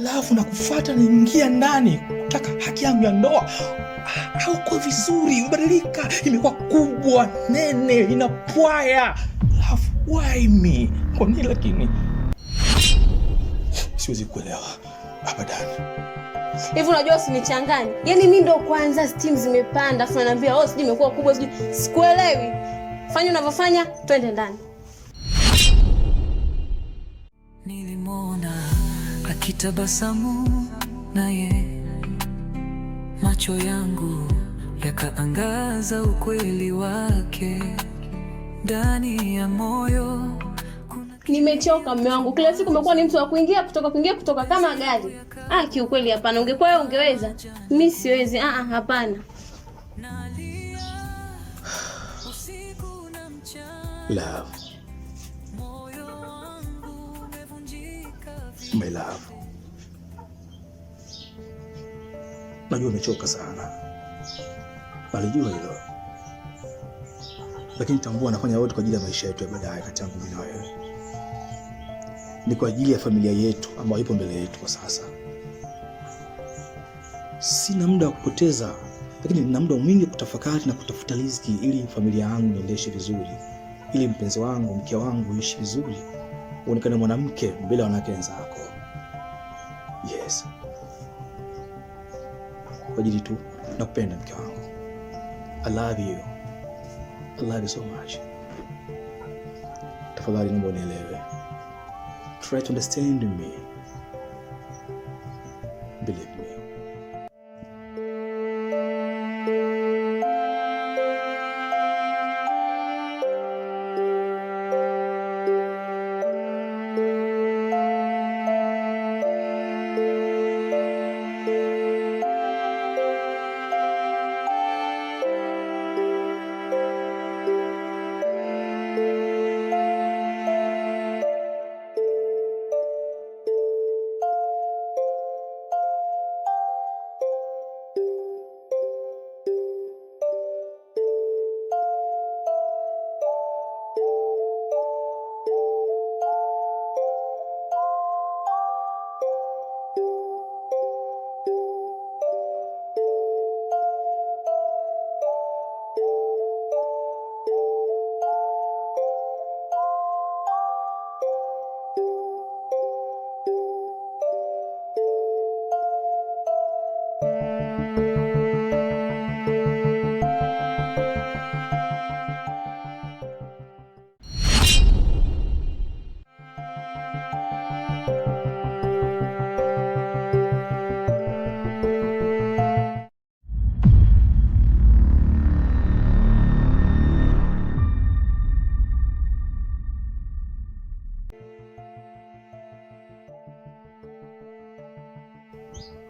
alafu nakufuata, ingia ndani kutaka haki yangu ya ndoa. Hauko vizuri, ubadilika, imekuwa kubwa, nene, inapwaya. Alafu why me? Kwa nini? Lakini siwezi kuelewa abadani. Hivi unajua, usinichanganye. Yaani mi ndo kwanza stimu zimepanda, afu naniambia oh, sijui imekuwa kubwa, sijui. Sikuelewi, fanya unavyofanya, twende ndani. Nilimwona Nikitabasamu naye macho yangu yakaangaza ukweli wake ndani ya moyo. Nimechoka mume wangu, kila siku umekuwa ni mtu wa kuingia kutoka kuingia kutoka kama gari. Ah, kiukweli hapana. Ungekuwa wewe ungeweza, mi siwezi. Ah, ah hapana. Love. my love. Najua umechoka sana, nalijua hilo, lakini tambua nafanya yote kwa ajili ya maisha yetu ya baadaye. Kati yangu mimi na wewe ni kwa ajili ya familia yetu ambayo ipo mbele yetu kwa sasa. Sina muda wa kupoteza, lakini nina muda mwingi kutafakari na kutafuta riziki ili familia yangu niendeshe vizuri, ili mpenzi wangu, mke wangu ishi vizuri uonekane mwanamke mbele ya wanawake wenzako. Yes, kwa ajili tu nakupenda mke wangu. I love you. I love you so much. Tafadhali naomba unielewe. Try to understand me.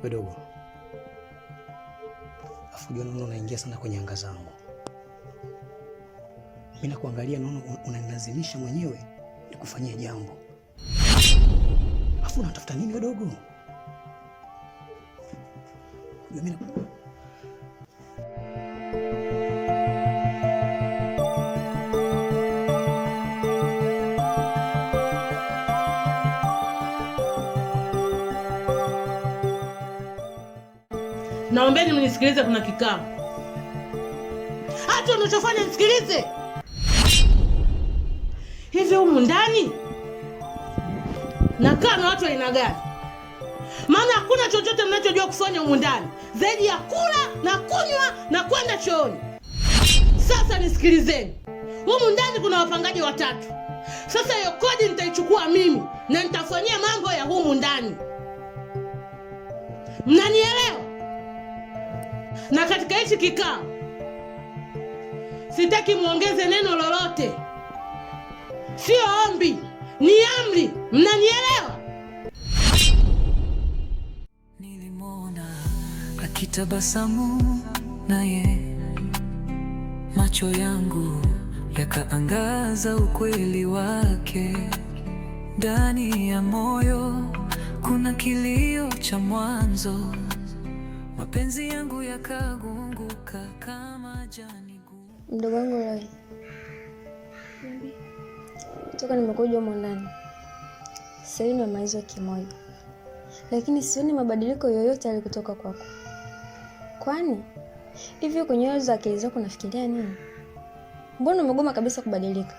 dogo afu jua naona unaingia sana kwenye anga zangu. Mimi nakuangalia naona unanilazimisha mwenyewe kufanyia jambo, afu unatafuta nini wedogo? mimi naombeni mnisikilize, kuna kikao. Hata unachofanya nisikilize. Hivi humu ndani nakaa na watu aina gani? Maana hakuna chochote mnachojua kufanya humu ndani zaidi ya kula na kunywa na kwenda chooni. Sasa nisikilizeni, humu ndani kuna wapangaji watatu. Sasa hiyo kodi nitaichukua mimi na nitafanyia mambo ya humu ndani, mnanielewa? na katika hichi kikao sitaki muongeze neno lolote, sio ombi, ni amri. Mnanielewa? Nilimwona akitabasamu naye, macho yangu yakaangaza ukweli wake. Ndani ya moyo kuna kilio cha mwanzo mapenzi yangu yakagunguka kama jani gumu. Mdogo wangu Roy, toka nimekuja humo ndani sasa hivi nimemaliza kimoja, lakini sioni mabadiliko yoyote yale kutoka kwako. Kwani hivi kwenye hizo akili zako unafikiria nini? Mbona umegoma kabisa kubadilika?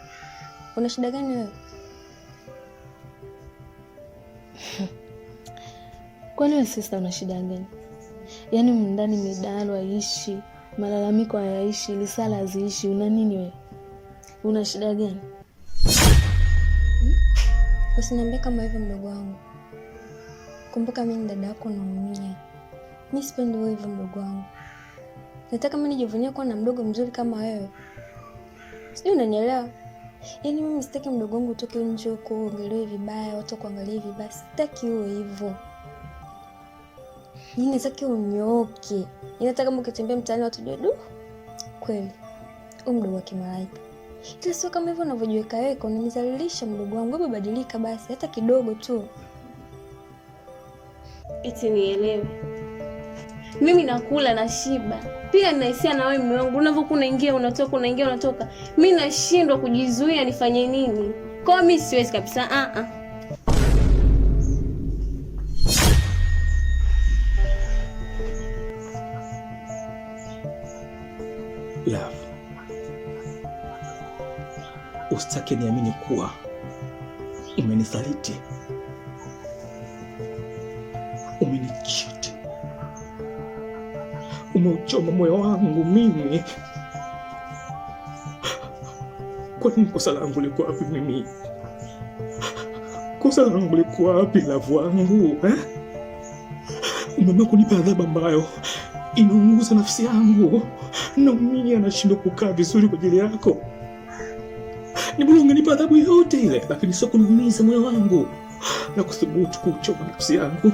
Una shida gani wewe? Kwani wewe sasa una shida gani? yaani mndani midalo aishi malalamiko hayaishi, lisala haziishi. Una nini we Una shida gani? Hmm? Usiniambie kama hivyo mdogo wangu. Kumbuka mi ni dada yako, naumia. Mi sipendi wewe hivyo mdogo wangu. Nataka mi nijivunia kuwa na mdogo mzuri kama wewe, sijui unanielewa? Yaani mimi sitaki mdogo wangu utoke nje huko uongelewe vibaya, watu wakuangalie vibaya. Sitaki huo hivyo. Yaani nataki unyooke. Nataka kama ukitembea mtaani watu wajue du. Kweli. Huyu mdogo wa kimalaika. Kila sio kama hivyo unavyojiweka wewe, unanizalilisha mdogo wangu. Hebu badilika basi hata kidogo tu. Eti nielewe. Mimi nakula na shiba. Pia ninahisia na wewe mume wangu. Unavyokuwa unaingia unatoka, unaingia unatoka. Mimi nashindwa kujizuia nifanye nini? Kwa mimi siwezi kabisa. Ah ah. usitake niamini kuwa umenisaliti, umenichiti, umeuchoma moyo wangu mimi. Kwa nini? Kosa langu liko wapi mimi? Kosa langu liko wapi, lavu wangu eh? Umeamua kunipa adhabu ambayo inaunguza nafsi yangu, naumia, nashindwa kukaa vizuri kwa ajili yako ni bora ungenipa adhabu yote ile, lakini sio kunumiza moyo wangu na kuthubutu kuchoma nafsi yangu.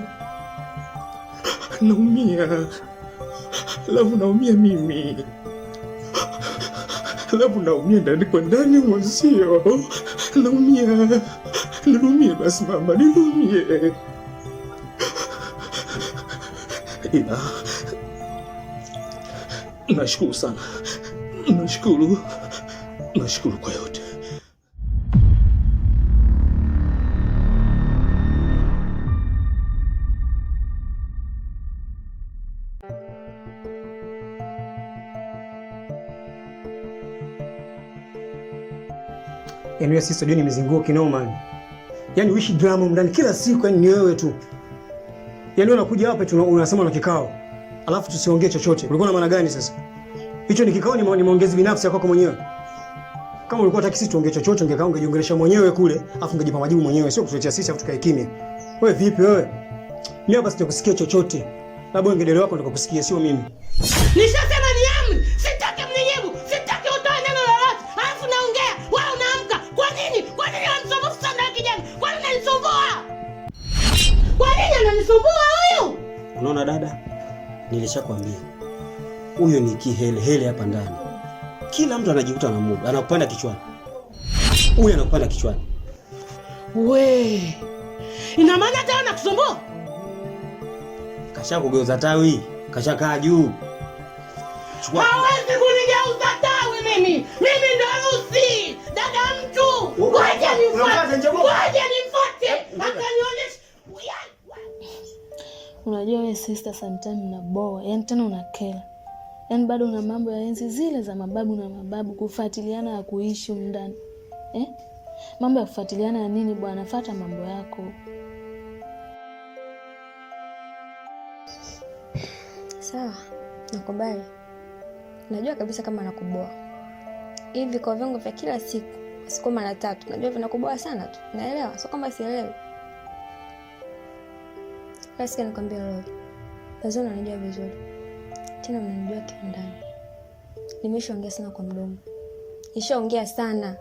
Naumia alafu naumia mimi, alafu naumia ndani kwa ndani, mwenzio naumia. Nilumie basi mama, nilumie, ila nashukuru sana, nashukuru, nashukuru kwa yote. hiyo yaani sisi sijui nimezinguka kinoma. Yaani uishi drama ndani kila siku yani ni wewe tu. Yaani unakuja hapa tu unasema na kikao. Alafu tusiongee chochote. Ulikuwa na maana gani sasa? Hicho ni kikao ni maongezi binafsi yako mwenyewe. Kama ulikuwa unataka sisi tuongee chochote ungekaa ungejiongelesha mwenyewe kule, afu ungejipa majibu mwenyewe, sio kutuletea sisi afu tukae kimya. Wewe vipi wewe? Mimi hapa sitakusikia chochote. Labda ngedele wako ndio kukusikia sio mimi. Nishasema Unaona dada, nilishakwambia huyo ni kihele hele hapa ndani. Kila mtu anajikuta na mudu, anakupanda kichwani, huyo anakupanda kichwani. We, ina maana hata kasha kashakugeuza tawi, kashakaa juu. Hawezi kunigeuza tawi mimi, mimi ndo harusi dada mtu. Ngoja nifuate, eh, eh. ngoja nifuate Unajua wewe sister, na boa yani tena unakela, yani bado una mambo ya enzi zile za mababu na mababu, kufuatiliana ya kuishi mndani eh? Mambo ya kufuatiliana ya nini bwana? Fata mambo yako. Sawa, nakubali. Najua kabisa kama nakuboa. Hivi kwa vyangu vya kila siku siku mara tatu, najua vinakuboa sana tu, naelewa, sio kama sielewi. Lasika nikwambia lolote. lazima unanijua vizuri, tena unanijua kiundani. Nimeshaongea sana kwa mdomo, nishaongea sana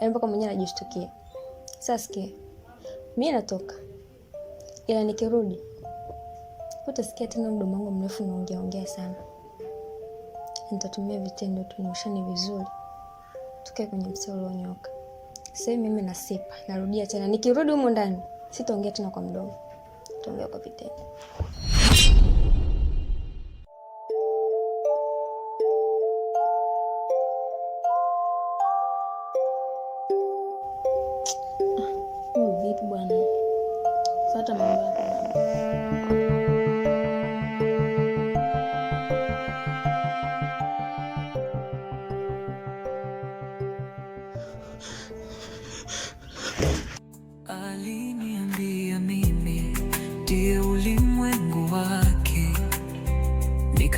yaani mpaka mwenyewe anajishtukia. Sasa sikia, Mimi natoka, ila nikirudi utasikia tena mdomo wangu mrefu naongea ongea sana. Nitatumia vitendo tu, nioshane vizuri, tukae kwenye msao ulionyoka. Sasa mimi nasipa, narudia tena, nikirudi humu ndani sitaongea tena kwa mdomo kutuambia kwa vitendo. Vipi bwana, fuata mambo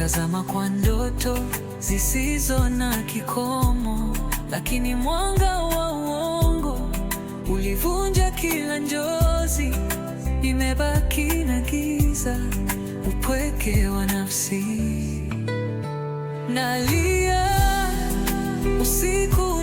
tazama kwa ndoto zisizo na kikomo, lakini mwanga wa uongo ulivunja kila njozi. Imebaki na giza, upweke wa nafsi. Nalia usiku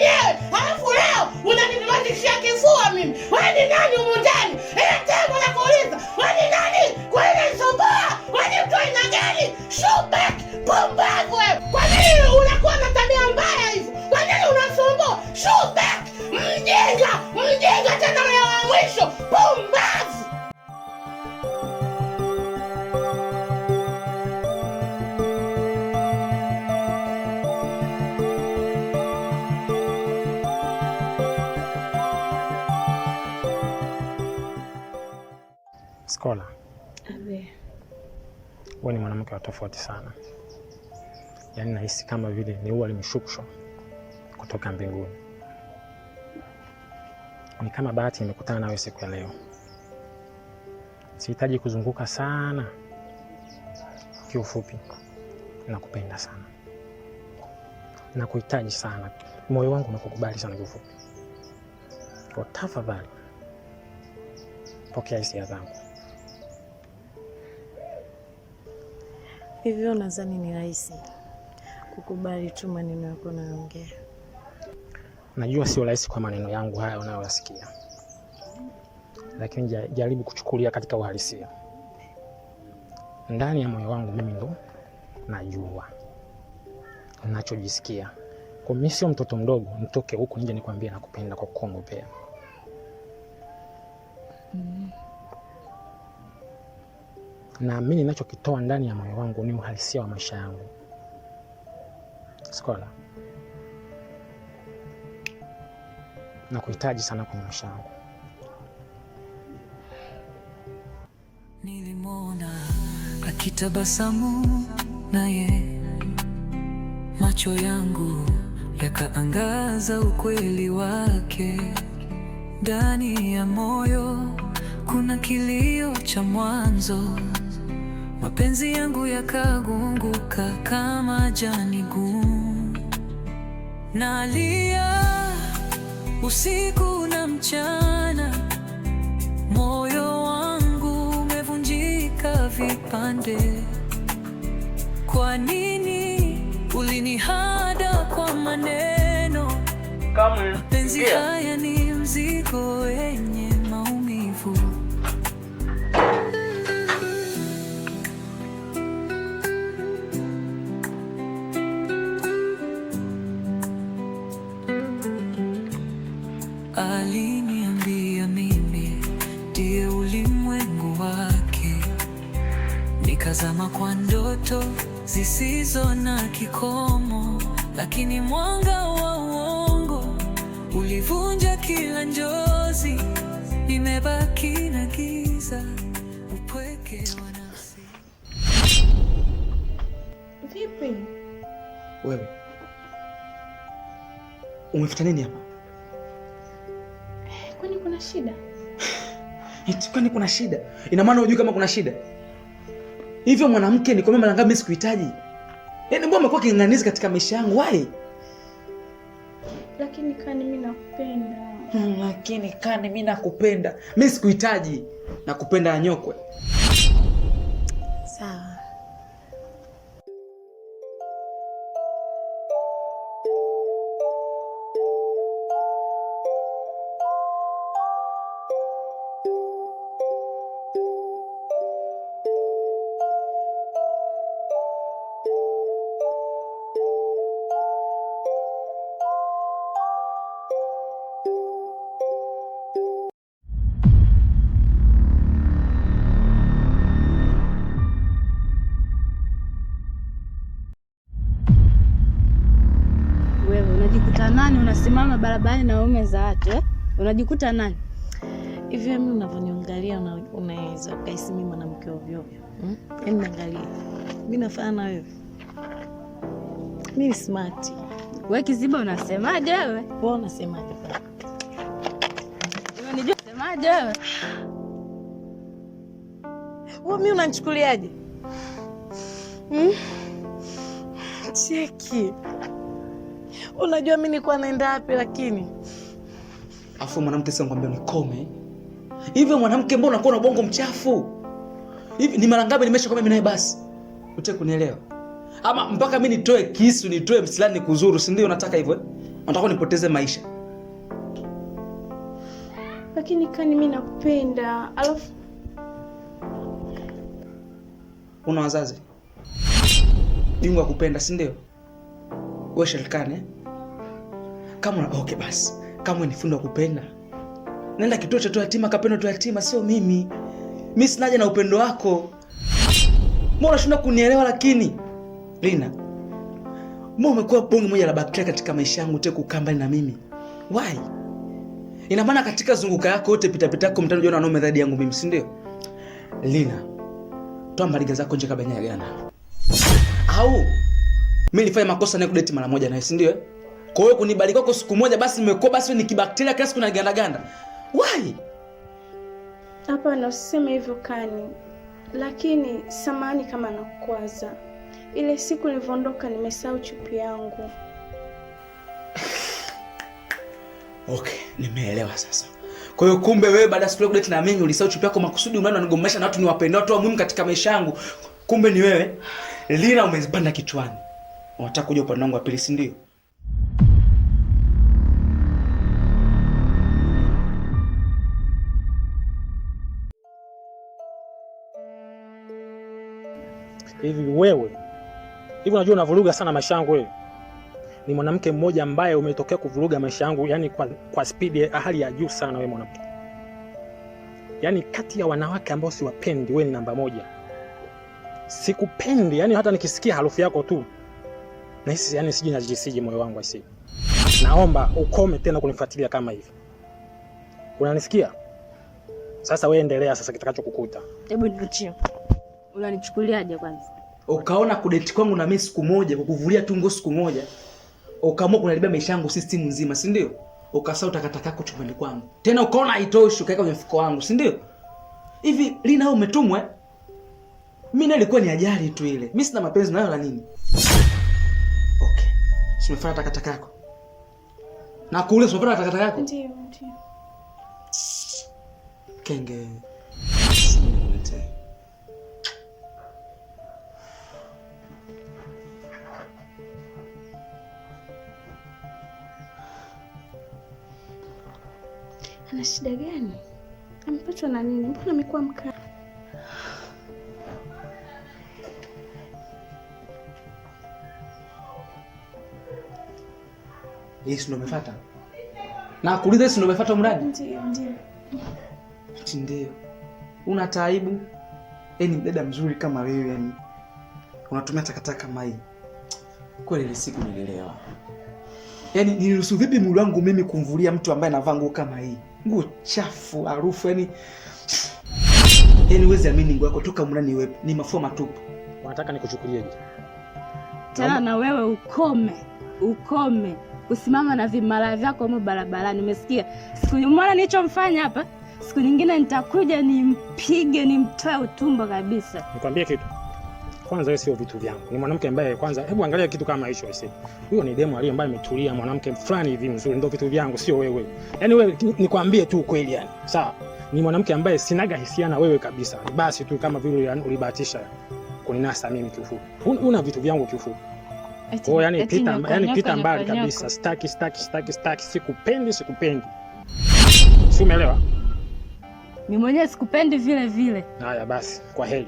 mwenyewe, alafu leo unanilazishia kifua mimi. Wewe ni nani umundani? tofauti sana, yaani nahisi kama vile ni ua limeshushwa kutoka mbinguni. Ni kama bahati imekutana nawe siku ya leo. Sihitaji kuzunguka sana, kiufupi, nakupenda sana, nakuhitaji sana, moyo wangu unakukubali sana, kiufupi. Kwa tafadhali, pokea hisia zangu. Hivyo nadhani ni rahisi kukubali tu maneno yako unayoongea. Najua sio rahisi kwa maneno yangu haya unayoyasikia, lakini jaribu kuchukulia katika uhalisia. Ndani ya moyo wangu mimi ndo najua unachojisikia. Kwa mimi sio mtoto mdogo nitoke huku nje nikwambie nakupenda kwa kuongopea. mm naamini ninachokitoa ndani ya moyo wangu ni uhalisia wa maisha yangu. Sikola, nakuhitaji sana kwenye maisha yangu. Nilimwona akitabasamu naye, macho yangu yakaangaza ukweli wake. Ndani ya moyo kuna kilio cha mwanzo mapenzi yangu yakagunguka kama jani gumu, nalia usiku na mchana, moyo wangu umevunjika vipande. Kwa nini ulinihada kwa maneno? Mapenzi haya ni mzigo we eh. kikomo, lakini mwanga wa uongo ulivunja kila njozi, Nimebaki na giza, upweke wa nafsi. Vipi wewe, umefuta nini hapa? Kwani kuna shida? Kwani kuna shida? Ina maana hujui kama kuna shida hivyo? Mwanamke, nikwambia mara ngapi? Mimi sikuhitaji Yaani mbona umekuwa king'ang'anizi katika maisha yangu wai? Lakini kani mimi nakupenda. Hmm, lakini kani mimi nakupenda. Mimi sikuhitaji. Nakupenda anyokwe. unasimama barabarani na waume za watu eh? Unajikuta nani hivyo? Mimi unavyoniangalia unaweza ukaisi mimi mwanamke ovyo ovyo, hmm? Hebu niangalie mimi nafana na wewe, mimi smart. Wewe kiziba, unasemaje wewe? Wewe unasemaje bwana? Unanijua unasemaje wewe? Wewe mimi unanichukuliaje? Hmm? Cheki. Unajua mimi nilikuwa naenda wapi? Lakini afu mwanamke, sasa ngwambia nikome hivyo. Mwanamke, mbona unakuwa na bongo mchafu hivi? Ni mara ngapi kwambia mimi naye basi, utaki kunielewa ama mpaka mimi nitoe kisu nitoe msilani kuzuru si ndio? Nataka hivyo eh? Nataka nipoteze maisha. Lakini kani mimi nakupenda, alafu una wazazi, Mungu kupenda, si ndio? Wewe eh? kama okay, basi kama ni fundi kupenda, nenda kituo cha watu yatima, kapenda watu yatima, sio mimi. Mimi sina na upendo wako. Mbona unashinda kunielewa? Lakini Lina, mbona umekuwa bonge moja la bakteria katika maisha yangu, tena kukaa mbali na mimi why? Ina maana katika zunguka yako yote, pita pita yako mtani, unaona wanaume zaidi yangu mimi, si ndio? Lina, toa mbaliga zako nje kabla ya gana. Au mimi nilifanya makosa na kudeti mara moja na naye, si ndio? Eh? Kwa hiyo kunibariki kwako siku moja basi nimekuwa basi ni kibakteria kila siku ganda. Why? Hapana, usiseme hivyo Kani, lakini samani kama nakwaza Ile siku nilivyoondoka nimesahau chupi yangu. Okay, nimeelewa sasa. Kwa hiyo kumbe wewe baada ya siku ile na mimi ulisahau chupi yako makusudi umeona unanigombesha na watu niwapendao tu muhimu katika maisha yangu. Kumbe ni wewe. Lina umezipanda kichwani. Unataka kuja upande wangu wa pili si ndio? Hivi wewe hivi, unajua unavuruga sana maisha yangu wewe. Ni mwanamke mmoja ambaye umetokea kuvuruga maisha yangu, yani kwa, kwa spidi ya hali ya juu sana. Wewe mwanamke, yani kati ya wanawake ambao siwapendi, wewe ni namba moja. Sikupendi yani, hata nikisikia harufu yako tu na hisi yani siji najisiji moyo wangu asi. Naomba ukome tena kunifuatilia kama hivi, unanisikia? Sasa wewe endelea sasa kitakachokukuta. Hebu niachie. Unanichukuliaje kwanza? Ukaona kudeti kwangu na mimi siku moja, kukuvulia tungo siku moja. Ukaamua kunalibia maisha yangu system nzima, si ndio? Ukasahau takataka yako chumbani kwangu. Tena ukaona haitoshi ukaweka kwenye mfuko wangu, si ndio? Hivi Lina wewe umetumwa? Mimi nilikuwa ni ajali tu ile. Mimi sina mapenzi nayo la nini? Okay. Simefanya takataka yako. Na kule simefanya takataka yako? Ndio, ndio. Kenge. ana shida gani? Amepatwa na nini? Mbona amekuwa mkali? Yes, ndio umefuata? Na kuuliza si ndio umefuata mradi? Ndio, ndio. Ati ndio. Una taibu? Yaani mdada mzuri kama wewe yani. Unatumia takataka mai. Kweli ile siku nilielewa yani niruhusu vipi mwili wangu mimi kumvulia mtu ambaye anavaa nguo kama hii, nguo chafu, harufu yani yani huwezi amini nguo yako toka mlani iwepo, ni mafua matupu. Unataka nje Tena na wewe ukome, ukome usimama na vimara vyako huko barabarani, umesikia? Siku mwana nilichomfanya hapa, siku nyingine nitakuja nimpige, nimtoe utumbo kabisa. Nikwambie kitu kwanza sio vitu vyangu. Ni mwanamke ambaye kwanza, hebu angalia kitu kama hicho ese. Huyo ni demu aliye ambaye ametulia, mwanamke fulani hivi mzuri, ndio vitu vyangu, sio wewe. Yaani wewe nikwambie tu kweli yani. Sawa. Ni mwanamke ambaye sinaga hisia na wewe kabisa. Basi tu kama vile ulibahatisha kuninasa mimi kiufupi. Una vitu vyangu kiufupi. Oh, yani pita, yani pita mbali kabisa. Staki, staki, staki, staki. Sikupendi, sikupendi. Si umeelewa? Mimi mwenyewe sikupendi vile vile. Haya basi, kwa heri.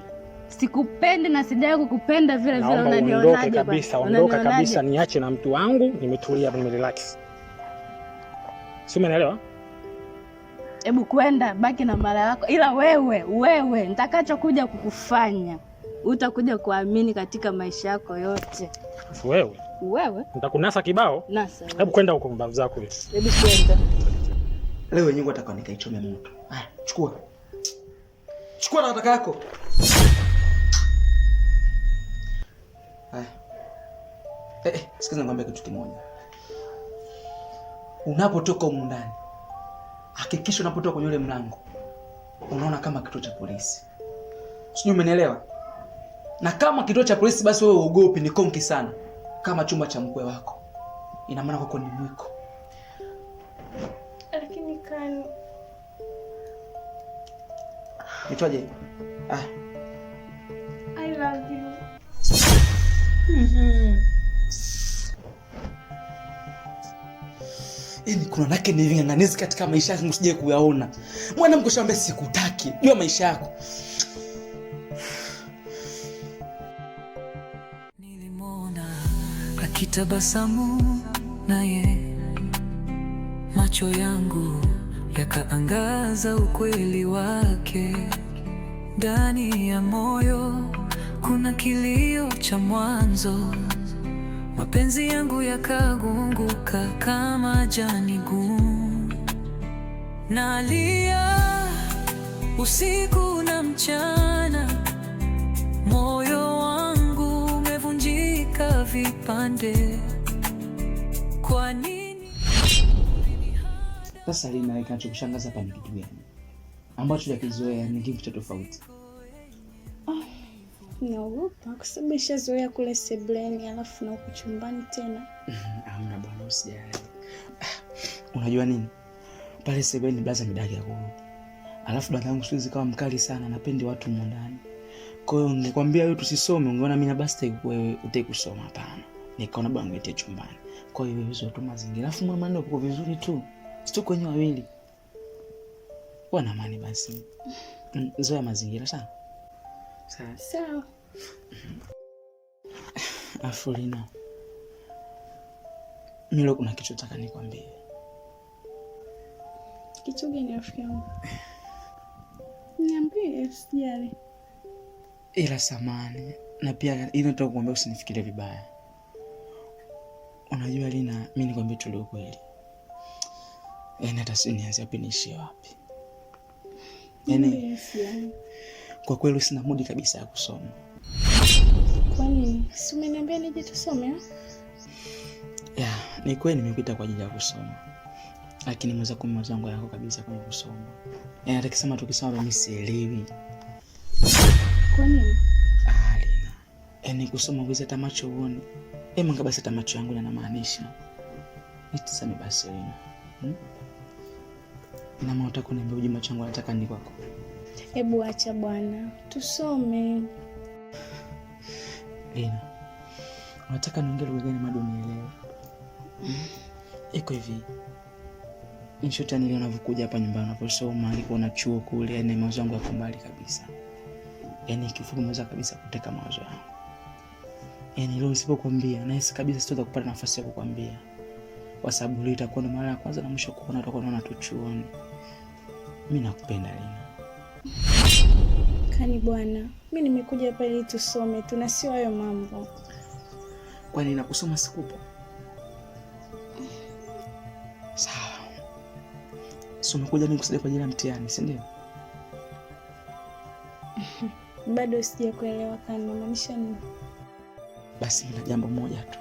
Sikupendi na sijawahi kukupenda vile vile. Unanionaje kabisa? Ondoka kabisa, niache na mtu wangu, nimetulia, nimerelax. Si umeelewa? Hebu kwenda baki na mara yako, ila wewe wewe, nitakachokuja kukufanya utakuja kuamini katika maisha yako yote. Wewe wewe, nitakunasa kibao. Nasa hebu kwenda huko, mbavu zako hizo. Hebu kwenda leo, wenyewe nataka nikaichome moto. Haya, chukua chukua na nataka yako Eh, eh, sikiza nikwambia kitu kimoja. Unapotoka huko ndani, hakikisha unapotoka kwenye ule mlango unaona kama kituo cha polisi. Sijui umenielewa? Na kama kituo cha polisi basi wewe uogopi ni konki sana kama chumba cha mkwe wako. Ina maana kwako ni mwiko. Lakini kan Nitwaje? Ah. I love you. Mhm. Yaani kuna nake ni ving'ang'anizi katika maisha yako msije kuyaona. Mwanamke shambe sikutaki. Jua maisha yako. Nilimwona akitabasamu naye macho yangu yakaangaza ukweli wake. Ndani ya moyo kuna kilio cha mwanzo mapenzi yangu yakagunguka kama jani gumu, nalia usiku na mchana, moyo wangu umevunjika vipande. Kwa nini? Sasa Lina, kinachokushangaza hapa ni kitu gani ambacho hujakizoea? Ni kitu cha tofauti naogopa kwa sababu nishazoea kule sebleni, alafu na huku chumbani tena hamna bwana, usijali. Unajua nini pale sebleni, blaza midaki ya kuu, alafu dada yangu siwezi kawa mkali sana, napendi watu mundani. Kwa hiyo ningekwambia wewe tusisome, ungeona mimi na basta wewe utaki kusoma. Hapana, nikaona bwana ngwete chumbani. Kwa hiyo hizo tu mazingira, alafu mwana maneno uko vizuri tu, sio kwenye wawili wana amani. Basi mm, zoea mazingira sana sawa mm-hmm. sawa. Afulina, Milo, kuna kitu nataka nikwambie. Kitu gani rafiki yangu? Niambie, sijali. Ila samani na pia ili nataka kukuambia usinifikirie vibaya. Unajua Lina, mimi nikwambie tuli ukweli, yaani hata si nianze wapi niishie wapi, yaani kwa kweli sina mudi kabisa ya kusoma. Kwa nini? Si umeniambia nije tusome? Yeah, ni kweli nimekuita kwa ajili ya kusoma. Lakini mweza kumi mwenzangu yako kabisa kwenye kusoma. Yaani hata kisema tukisoma mimi sielewi. Kwa nini? Ah, Lina. Yaani eh, kusoma uweze hata macho uone. Eh, mwanga basi hata macho yangu yanamaanisha. Nitasema basi Lina. Hmm? Na maana utakuniambia kuniambia uji macho yangu nataka ni kwako. Hebu acha bwana, tusome. Lina, unataka niongee lugha gani bado nielewe? Iko hivi, mshota nilio navyokuja hapa nyumbani unaposoma alikuwa na chuo kule, yaani mawazo yangu yako mbali kabisa, yaani kifupi maweza kabisa kuteka mawazo yangu, yaani leo usipokuambia nahisi kabisa sitaweza kupata nafasi ya kukwambia kwa sababu leo itakuwa ni mara ya kwanza na mwisho kuona, utakuwa unaona tu chuoni. Mimi nakupenda Lina. Kani bwana, mi nimekuja hapa ili tusome tu na sio hayo mambo. Kwani nakusoma sikupo? Sawa, si umekuja mi kusaidia kwa ajili ya mtihani, si ndio? Bado sija kuelewa Kani, unamaanisha nini? Basi na jambo moja tu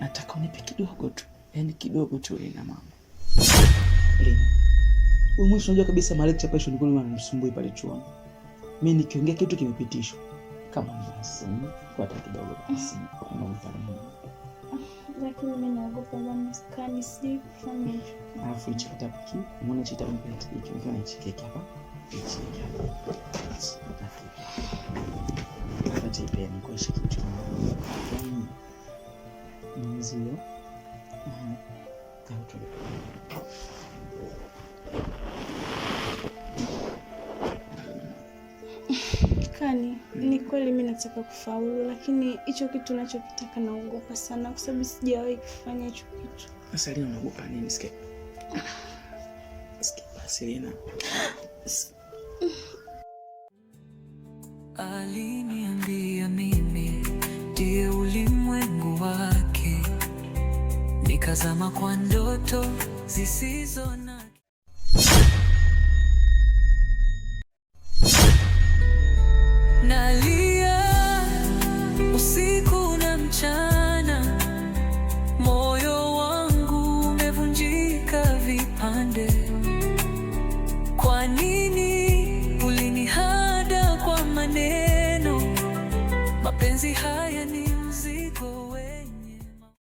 nataka unipe kidogo tu, yaani kidogo tu, ina mama wewe mwisho unajua kabisa Malek chapa hicho nilikuwa anamsumbui pale chuoni. Mimi nikiongea kitu kimepitishwa. Kama basi mm. kwa hata kidogo basi mm. Kuna utamu. Ah, lakini mimi naogopa sana sikani si kufanya hicho. Alafu hicho kitabu ki, mbona hicho kitabu kile hicho kiwa hicho kike hapa? Hicho kike hapa. Acha ipeni kwa shikicho. Mzio. Mhm. Kama tu. Kani, ni kweli mi nataka kufaulu, lakini hicho kitu nachokitaka naogopa sana, kwa sababu sijawahi kufanya hicho kitu. Sasa leo unaogopa nini? Sikia Selina aliniambia mimi ndiye ulimwengu wake, nikazama kwa ndoto zisizo na nalia usiku